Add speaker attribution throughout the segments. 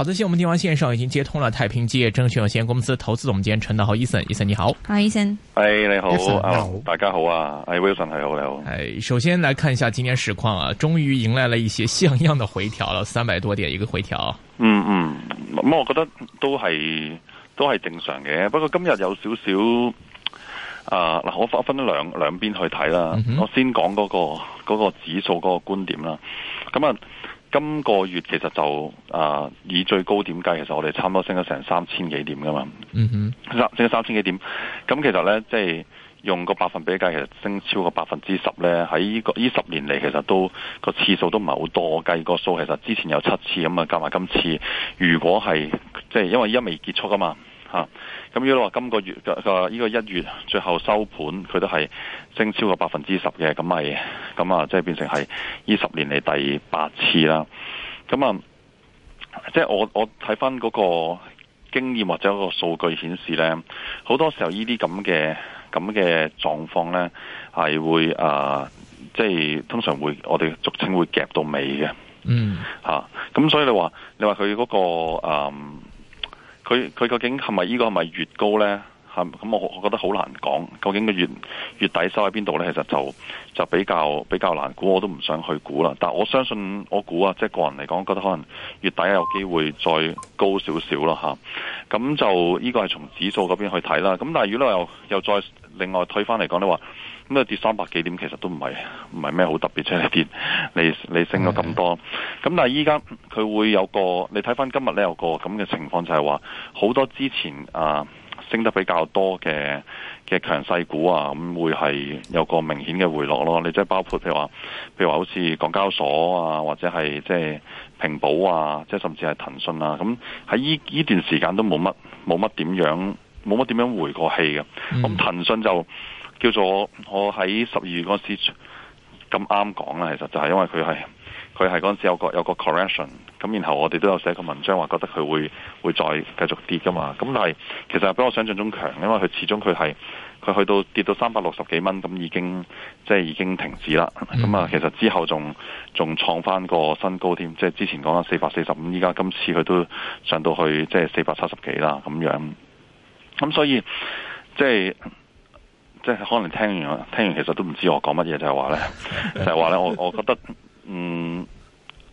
Speaker 1: 好的，先我們電話線上已經接通了太平置業證券有限公司投資總監陳德豪，醫生，醫生你好，
Speaker 2: 阿醫生，
Speaker 3: 誒你好，大家好啊，誒 Wilson 係我嚟，誒，
Speaker 1: 首先來看一下今天實況啊，終於迎來了一些像
Speaker 3: 樣的回調了，
Speaker 1: 三百多點一個回調，嗯、
Speaker 3: mm -hmm. 嗯，咁、嗯、我覺得都係都係正常嘅，不過今日有少少，啊嗱，我分分兩兩邊去睇啦，mm -hmm. 我先講嗰、那個嗰、那個指數嗰、那個觀點啦，咁啊。今個月其實就啊，以最高點計，其實我哋差唔多升咗成三千幾點噶嘛。嗯、mm -hmm. 升升咗三千幾點。咁其實咧，即係用個百分比計，其實升超過百分之十咧，喺呢個呢十年嚟其實都個次數都唔係好多。計個數其實之前有七次，咁啊加埋今次，如果係即係因為依家未結束噶嘛，啊咁如果你話今個月嘅呢、呢個一月最後收盤，佢都係升超過百分之十嘅，咁係咁啊，即係變成係二十年嚟，第八次啦。咁啊，即係我我睇翻嗰個經驗或者個數據顯示咧，好多時候這這呢啲咁嘅咁嘅狀況咧，係會即係、呃就是、通常會我哋俗稱會夾到尾嘅。嗯。吓、啊，咁所以你話你話佢嗰個、呃佢佢究竟係咪呢個係咪越高咧？咁，我我覺得好難講，究竟個月月底收喺邊度呢？其實就就比較比較難估，我都唔想去估啦。但我相信我估啊，即係個人嚟講，覺得可能月底有機會再高少少啦吓，咁就呢個係從指數嗰邊去睇啦。咁但係如果又又再另外退翻嚟講你話咁啊跌三百幾點，其實都唔係唔係咩好特別啫。跌 你升咗咁多，咁但係依家佢會有個你睇翻今日呢有個咁嘅情況就，就係話好多之前啊，升得比較多嘅嘅強勢股啊，咁會係有個明顯嘅回落咯。你即係包括譬如話，譬如話好似港交所啊，或者係即係平保啊，即係甚至係騰訊啊，咁喺依依段時間都冇乜冇乜點樣冇乜點樣回過氣嘅。咁、嗯、騰訊就叫做我喺十二月嗰時咁啱講啦，其實就係因為佢係。佢係嗰陣時有個有個 correction，咁然後我哋都有寫個文章話覺得佢會會再繼續跌㗎嘛，咁但係其實係比我想象中強，因為佢始終佢係佢去到跌到三百六十幾蚊，咁已經即係已經停止啦。咁啊，其實之後仲仲創返個新高添，即係之前講緊四百四十五，依家今次佢都上到去即係四百七十幾啦咁樣。咁所以即係即係可能聽完聽完，其實都唔知我講乜嘢，就係話咧，就係話咧，我我覺得。嗯，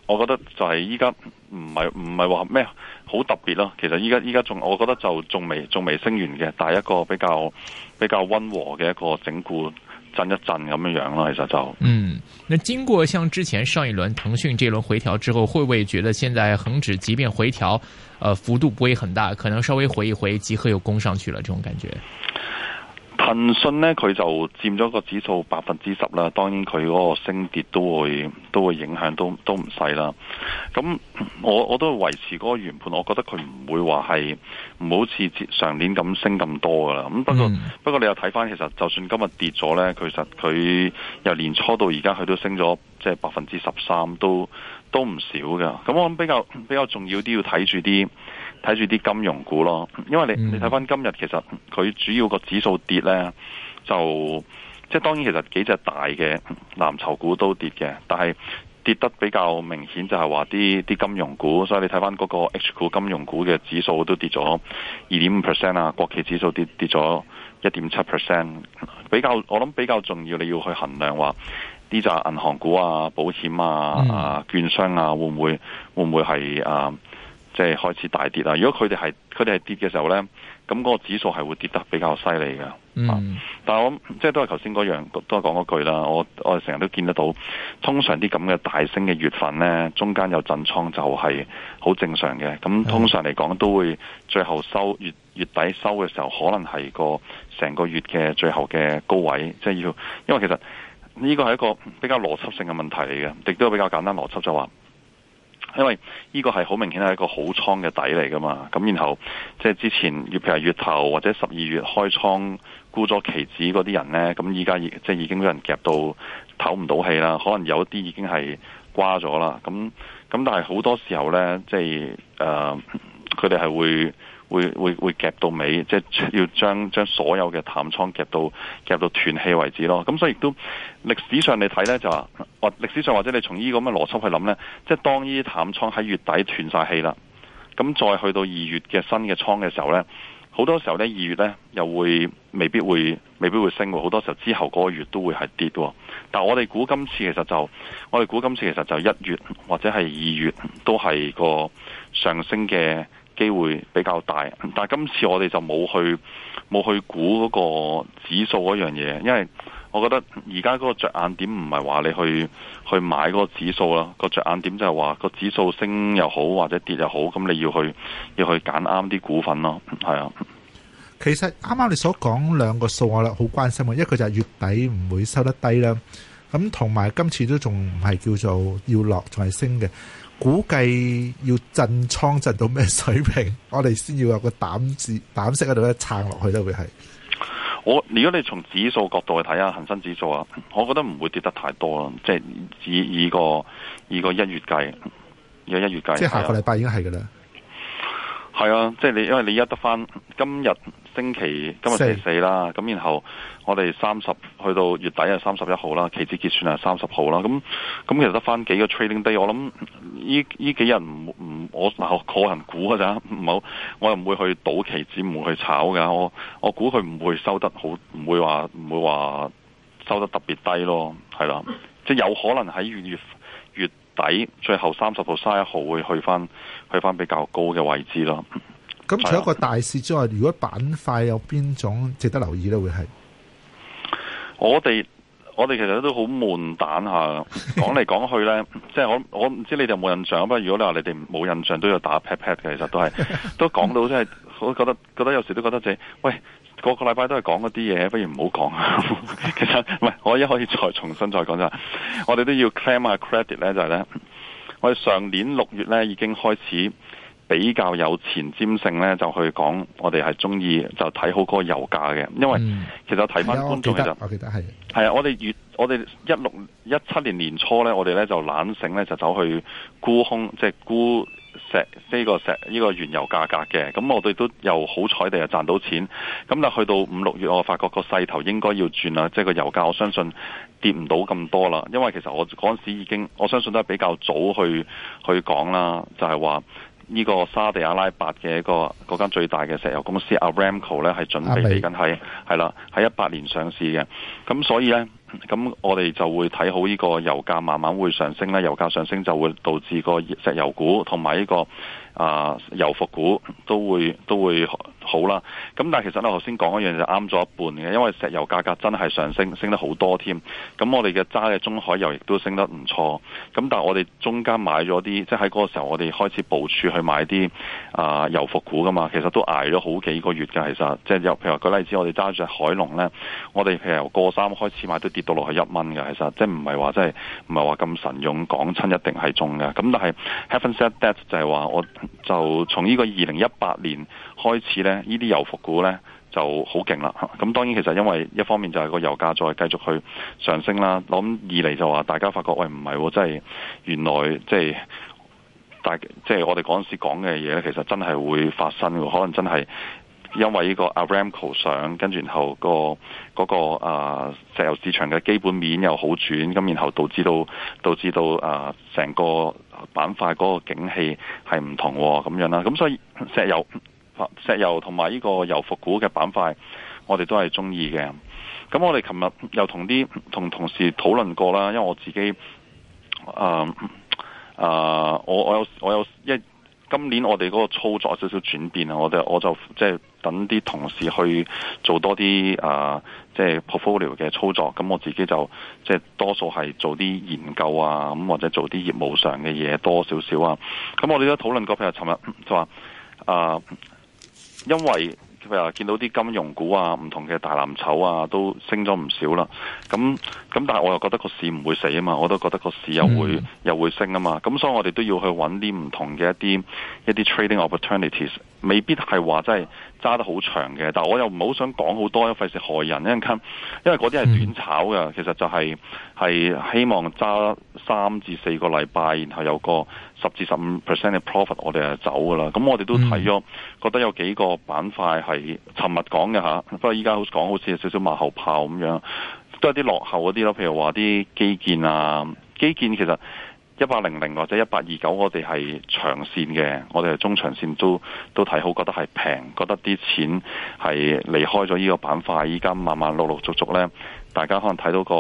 Speaker 3: 我覺得就係依家唔係唔係話咩好特別咯。其實依家依家仲，我覺得就仲未仲未升完嘅，但係一個比較比較溫和嘅一個整固震一震咁樣樣啦。其實就
Speaker 1: 嗯，那經過像之前上一輪騰訊這輪回調之後，會唔會覺得現在恒指即便回調，呃，幅度不會很大，可能稍微回一回，即刻又攻上去了，這種感覺？
Speaker 3: 騰訊咧，佢就佔咗個指數百分之十啦。當然佢嗰個升跌都會都會影響，都都唔細啦。咁我我都維持嗰個原判，我覺得佢唔會話係唔好似上年咁升咁多噶啦。咁不過，mm. 不過不過你又睇翻，其實就算今日跌咗咧，其實佢由年初到而家，佢都升咗即係百分之十三，都都唔少噶。咁我諗比較比較重要啲要睇住啲。睇住啲金融股咯，因為你你睇翻今日其實佢主要個指數跌咧，就即係當然其實幾隻大嘅藍籌股都跌嘅，但係跌得比較明顯就係話啲啲金融股，所以你睇翻嗰個 H 股金融股嘅指數都跌咗二點五 percent 啊，國企指數跌跌咗一點七 percent，比較我諗比較重要你要去衡量話呢就銀行股啊、保險啊、啊券商啊會唔會會唔會係啊？即係開始大跌啦！如果佢哋係佢哋係跌嘅時候呢，咁嗰個指數係會跌得比較犀利嘅。
Speaker 2: 嗯，
Speaker 3: 但係我即係都係頭先嗰樣，都係講嗰句啦。我我成日都見得到，通常啲咁嘅大升嘅月份呢，中間有震倉就係好正常嘅。咁通常嚟講，都會最後收月月底收嘅時候，可能係個成個月嘅最後嘅高位。即係要，因為其實呢個係一個比較邏輯性嘅問題嚟嘅，亦都比較簡單邏輯就話。因為呢個係好明顯係一個好倉嘅底嚟噶嘛，咁然後即係之前月譬如月頭或者十二月開倉沽咗期指嗰啲人呢，咁依家即係已經畀人夾到唞唔到氣啦，可能有一啲已經係瓜咗啦，咁咁但係好多時候呢，即係誒佢哋係會。會會，會夾到尾，即係要將將所有嘅淡倉夾到夾到斷氣為止咯。咁所以亦都歷史上你睇呢，就話歷史上或者你從呢個咁嘅邏輯去諗呢，即係當呢啲淡倉喺月底斷晒氣啦，咁再去到二月嘅新嘅倉嘅時候呢，好多時候呢，二月呢又會未必會未必會升喎。好多時候之後嗰個月都會係跌喎。但我哋估今次其實就我哋估今次其實就一月或者係二月都係個上升嘅。機會比較大，但係今次我哋就冇去冇去估嗰個指數嗰樣嘢，因為我覺得而家嗰個着眼點唔係話你去去買嗰個指數啦，個着眼點就係話個指數升又好或者跌又好，咁你要去要去揀啱啲股份咯，係啊。
Speaker 1: 其實啱啱你所講兩個數我咧好關心啊，一個就係月底唔會收得低啦，咁同埋今次都仲唔係叫做要落，仲係升嘅。估計要震倉震到咩水平，我哋先要有個膽子膽識喺度咧撐落去咧會係。
Speaker 3: 我如果你從指數角度去睇啊，恒生指數啊，我覺得唔會跌得太多啦，即係以以，以個以個一月計，有。一月計，即係下個禮
Speaker 1: 拜應該係噶啦。
Speaker 3: 係啊，即係你，因為你而家得翻今日星期今日星期四啦，咁然後我哋三十去到月底係三十一號啦，期指結算係三十號啦，咁咁其實得翻幾個 trading Day 我。我諗呢呢幾日唔唔，我嗱個人估噶咋，唔好，我又唔會去賭期指，唔會去炒嘅，我我估佢唔會收得好，唔會話唔會話收得特別低咯，係啦、啊，即係有可能喺月月。底最後三十到卅一號會去返去返比較高嘅位置咯。
Speaker 1: 咁、嗯、除咗個大市之外，如果板塊有邊種值得留意咧？會係
Speaker 3: 我哋我哋其實都好悶蛋下講講嚟講去咧，即係我我唔知你哋有冇印象。不過如果你話你哋冇印象，都要打 pat pat 嘅，其實都係都講到即、就、係、是。 我覺得覺得有時都覺得自己，喂，個個禮拜都係講嗰啲嘢，不如唔好講呵呵。其實唔係，我一可以再重新再講就係，我哋都要 claim 下 credit 咧，就係咧，我哋上年六月咧已經開始比較有前瞻性咧，就去講我哋係中意就睇好嗰個油價嘅，因為、嗯、其實睇翻觀眾其實係係啊，我啊，我哋月我哋一六一七年年初咧，我哋咧就懶醒咧就走去沽空，即、就、係、是、沽。石呢個石呢個原油價格嘅，咁我哋都又好彩地係賺到錢到。咁但去到五六月，我發覺個勢頭應該要轉啦，即係個油價，我相信跌唔到咁多啦。因為其實我嗰陣時已經，我相信都係比較早去去講啦，就係話呢個沙地阿拉伯嘅一個嗰間最大嘅石油公司 Aramco 咧係準備緊係係啦，喺一八年上市嘅。咁所以呢。咁我哋就會睇好呢個油價慢慢會上升啦。油價上升就會導致個石油股同埋呢個。啊，油服股都會都會好啦。咁、啊、但係其實咧，我頭先講一樣就啱咗一半嘅，因為石油價格真係上升，升得好多添。咁、啊、我哋嘅揸嘅中海油亦都升得唔錯。咁、啊、但係我哋中間買咗啲，即係喺嗰個時候我哋開始部署去買啲啊油服股噶嘛。其實都挨咗好幾個月嘅，其實即係譬如話舉例子，我哋揸住海龍咧，我哋譬如由過三開始買都跌到落去一蚊嘅，其實即係唔係話即係唔係話咁神勇講親一定係中嘅。咁但係 having said that 就係話我。就從呢個二零一八年開始呢，呢啲油服股呢就好勁啦。咁當然，其實因為一方面就係個油價再繼續去上升啦，咁二嚟就話大家發覺，喂唔係，真係原來即係大，即係我哋嗰陣時講嘅嘢呢，其實真係會發生嘅，可能真係。因為呢個 Aramco 上，跟住然後、嗰個、嗰個啊、呃、石油市場嘅基本面又好轉，咁然後導致到導致到啊成個板塊嗰個景氣係唔同咁樣啦。咁所以石油石油同埋呢個油服股嘅板塊，我哋都係中意嘅。咁我哋琴日又同啲同同事討論過啦，因為我自己啊啊、呃呃，我我有我有一今年我哋嗰個操作有少少轉變啊，我哋我就即係。就是揾啲同事去做多啲啊，即係 portfolio 嘅操作。咁我自己就即係多數係做啲研究啊，咁或者做啲業務上嘅嘢多少少啊。咁我哋都討論過，譬如話尋日就話啊，因為譬如話見到啲金融股啊、唔同嘅大藍籌啊都升咗唔少啦。咁咁但係我又覺得個市唔會死啊嘛，我都覺得個市又會、嗯、又會升啊嘛。咁所以我哋都要去揾啲唔同嘅一啲一啲 trading opportunities。未必係話真係揸得好長嘅，但係我又唔好想講好多，費事害人。因為嗰啲係短炒嘅，其實就係、係、係希望揸三至四個禮拜，然後有個十至十五 percent 嘅 profit，我哋就走噶啦。咁我哋都睇咗、嗯，覺得有幾個板塊係尋日講嘅嚇，不過依家講好似有少少馬後炮咁樣，都係啲落後嗰啲咯。譬如話啲基建啊，基建其實。一百零零或者一百二九，我哋係長線嘅。我哋係中長線都都睇好，覺得係平，覺得啲錢係離開咗呢個板塊。依家慢慢陸陸續續咧，大家可能睇到個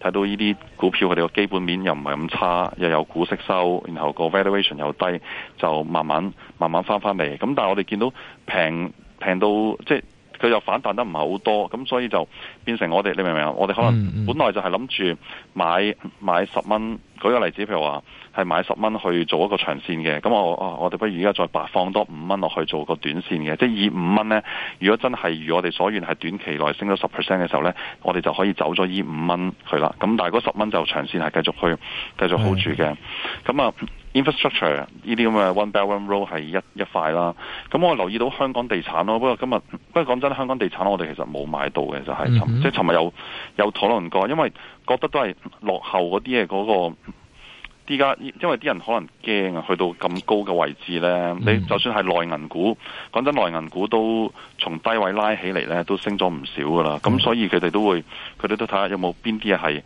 Speaker 3: 睇到呢啲股票，佢哋個基本面又唔係咁差，又有股息收，然後個 valuation 又低，就慢慢慢慢翻翻嚟。咁但係我哋見到平平到即係佢又反彈得唔係好多，咁所以就變成我哋你明唔明啊？我哋可能本來就係諗住買買十蚊。舉個例子，譬如話係買十蚊去做一個長線嘅，咁我我我哋不如而家再白放多五蚊落去做個短線嘅，即係以五蚊咧，如果真係如我哋所願係短期內升咗十 percent 嘅時候咧，我哋就可以走咗依五蚊去啦。咁但係嗰十蚊就長線係繼續去繼續 hold 住嘅。咁啊，infrastructure 呢啲咁嘅 one belt one road 係一一塊啦。咁我留意到香港地產咯，不過今日不過講真，香港地產我哋其實冇買到嘅，就係、尋 mm -hmm. 即係尋日有有討論過，因為。覺得都係落後嗰啲嘢，嗰、那個依家，因為啲人可能驚啊，去到咁高嘅位置咧、嗯。你就算係內銀股，講真，內銀股都從低位拉起嚟咧，都升咗唔少噶啦。咁、嗯、所以佢哋都會，佢哋都睇下有冇邊啲嘢係，誒、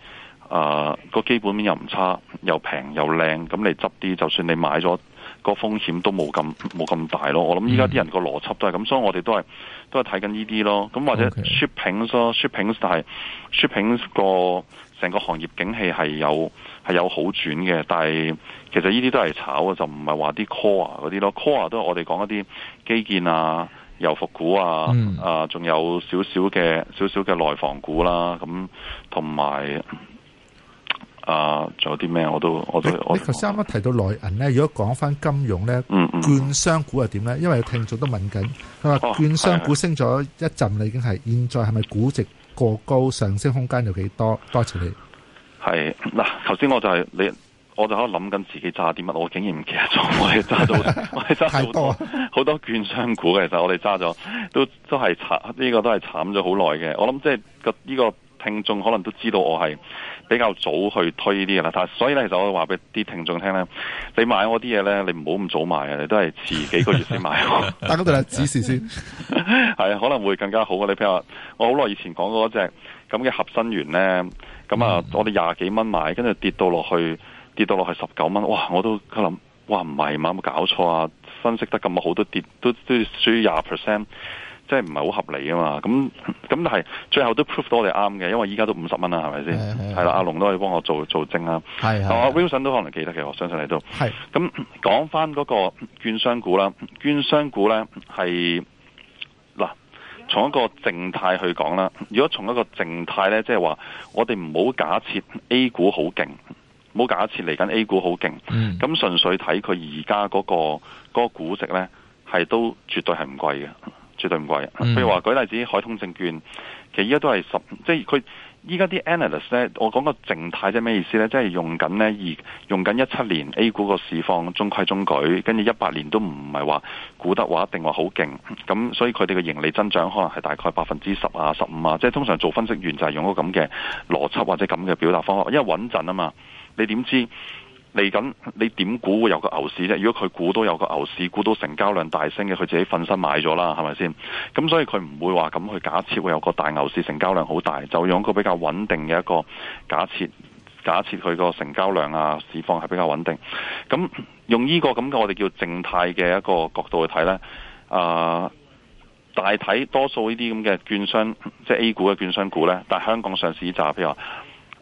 Speaker 3: 呃、個基本面又唔差，又平又靚，咁你執啲。就算你買咗，個風險都冇咁冇咁大咯。我諗依家啲人個邏輯都係咁，所以我哋都係都係睇緊呢啲咯。咁或者 shipping shipping 但係 shipping 個。Okay. 啊成個行業景氣係有係有好轉嘅，但係其實呢啲都係炒嘅，就唔係話啲 core 嗰啲咯。core 都係我哋講一啲基建啊、油服股啊、嗯、啊仲有少少嘅少少嘅內房股啦。咁同埋啊，仲有啲咩、啊、我都我都。你頭
Speaker 1: 先啱啱提到內銀咧，如果講翻金融咧，嗯嗯，券商股又點咧？因為聽眾都問緊，佢話券商股升咗一陣啦，已經係現在係咪估值過高，上升空間有幾多？多謝你。
Speaker 3: 係嗱，頭先我就係、係、你，我就喺度諗緊自己揸啲乜，我竟然唔記得咗， 我哋揸咗，我哋揸好多好多券商股嘅。其實我哋揸咗都都係慘，呢、呢個都係慘咗好耐嘅。我諗即係個呢個。聽眾可能都知道我係比較早去推呢啲嘅啦，但係所以咧，其實我話俾啲聽眾聽咧，你買我啲嘢咧，你唔好咁早買啊，你都係遲幾個月先買。
Speaker 1: 大家對你指示
Speaker 3: 先，係啊，可能會更加好啊。你譬如話我好耐以前講過嗰隻咁嘅合生元咧，咁啊，我哋廿幾蚊買，跟住跌到落去，跌到落去十九蚊，哇，我都佢諗，哇，唔係嘛，有冇搞錯啊？分析得咁好，都跌，都都輸廿 percent。即係唔係好合理啊嘛，咁咁係係，但最後都 prove 多你啱嘅，因為依家都五十蚊啦，係咪先？係啦，阿龍都可以幫我做做證啦。係阿 Wilson 都可能記得嘅，我相信你都係。咁講翻嗰個券商股啦，券商股咧係嗱，從一個靜態去講啦。如果從一個靜態咧，即係話我哋唔好假設 A 股好勁，唔好假設嚟緊 A 股好勁，咁、嗯、純粹睇佢而家嗰個嗰、嗰個股息咧，係都絕對係唔貴嘅。絕對唔貴，譬如話舉例子，海通證券其實依家都係十，即係佢依家啲 analyst 咧，analys，我講個靜態即係咩意思咧，即係用緊咧而用緊一七年 A 股個市況中規中矩，跟住一八年都唔係話估得話一定話好勁咁，所以佢哋嘅盈利增長可能係大概百分之十啊十五啊，即係通常做分析員就係用嗰咁嘅邏輯或者咁嘅表達方法，因為穩陣啊嘛，你點知？嚟緊你點估會有個牛市啫？如果佢估到有個牛市，估到成交量大升嘅，佢自己瞓身買咗啦，係咪先？咁所以佢唔會話咁去假設會有個大牛市，成交量好大，就用一個比較穩定嘅一個假設，假設佢個成交量啊市況係比較穩定。咁用呢個咁嘅我哋叫靜態嘅一個角度去睇呢。啊、呃、大體多數呢啲咁嘅券商，即係 A 股嘅券商股呢，但係香港上市呢譬如話。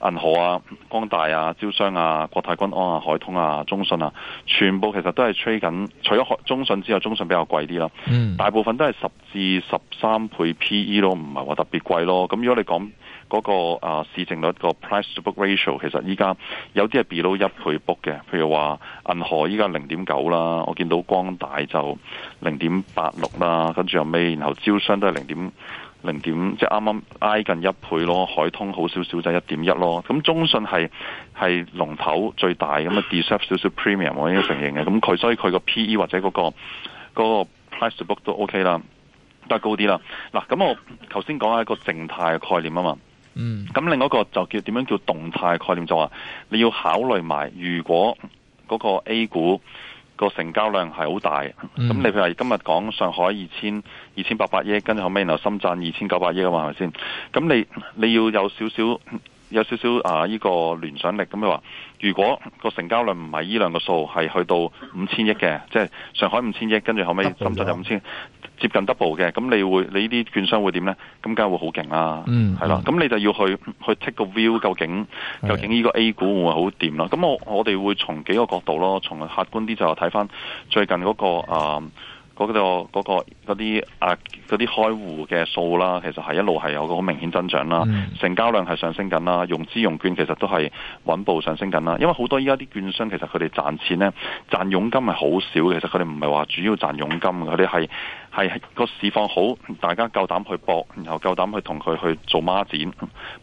Speaker 3: 銀河啊、光大啊、招商啊、國泰君安啊、海通啊、中信啊，全部其實都係吹緊。除咗中信之外，中信比較貴啲啦。嗯，大部分都係十至十三倍 PE 咯，唔係話特別貴咯。咁如果你講嗰、那個啊市淨率個 price-to-book ratio，其實依家有啲係 below 一倍 book 嘅。譬如話銀河依家零點九啦，我見到光大就零點八六啦，跟住後尾，然後招商都係零點。零點即係啱啱挨近一倍咯，海通好少少就一點一咯。咁中信係係龍頭最大咁啊 ，deserve 少少 premium 我應該承認嘅。咁佢所以佢個 P E 或者嗰、嗰個、嗰個 price to book 都 OK 啦，都係高啲啦。嗱、啊，咁我頭先講下一個靜態概念啊嘛，嗯，咁另一個就叫點樣叫動態概念就話你要考慮埋如果嗰個 A 股。個成交量係好大，咁、嗯、你譬如今日講上海二千二千八百億，跟住後尾又深圳二千九百億啊嘛，係咪先？咁你你要有少少。有少少啊！呢、這個聯想力咁你話，如果個成交量唔係依兩個數，係去到五千億嘅，即係上海五千億，跟住後尾深圳就五千，接近 double 嘅，咁你會你呢啲券商會點呢？咁梗係會好勁、啊嗯、啦，係、嗯、啦，咁你就要去去 take 個 view，究竟究竟呢個 A 股會唔會好掂啦？咁我我哋會從幾個角度咯，從客觀啲就睇翻最近嗰、那個啊。嗰個嗰個嗰啲啊嗰啲開戶嘅數啦，其實係一路係有個好明顯增長啦，成交量係上升緊啦，融資融券其實都係穩步上升緊啦，因為好多依家啲券商其實佢哋賺錢咧賺佣金係好少，其實佢哋唔係話主要賺佣金，佢哋係。係個市況好，大家夠膽去搏，然後夠膽去同佢去做孖展，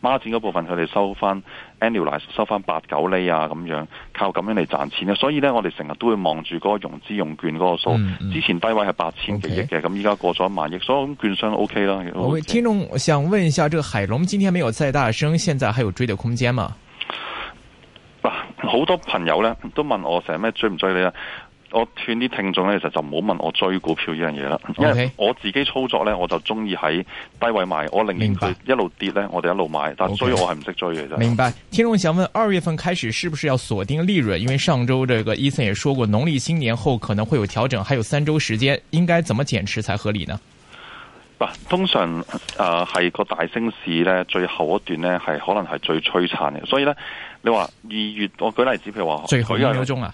Speaker 3: 孖展嗰部分佢哋收翻 annualize 收翻八九厘啊咁樣，靠咁樣嚟賺錢嘅。所以咧，我哋成日都會望住嗰個融資融券嗰個數、嗯嗯。之前低位係八千幾億嘅，咁依家過咗一萬億，所以咁券商 O K 啦。各位
Speaker 1: 聽眾想問一下，這個海龍今天沒有再大升，現在還有追的空間嗎？嗱，
Speaker 3: 好多朋友咧都問我成日咩追唔追你啊？我勸啲聽眾咧，其實就唔好問我追股票呢樣嘢啦，因為我自己操作咧，我就中意喺低位賣，我寧願佢一路跌咧，我哋一路買，但係所以我係唔識追嘅。其實明白。
Speaker 1: 聽眾想問，二月份開始是不是要鎖定利潤？因為上週這個 Eason 也說過，農曆新年後可能會有調整，還有三週時間，應該怎麼減持才合理呢？
Speaker 3: 不，通常誒係、呃、個大升市咧，最後一段咧係可能係最璀璨嘅，所以咧你話二月，我舉例子，譬如話最後幾秒鐘啊。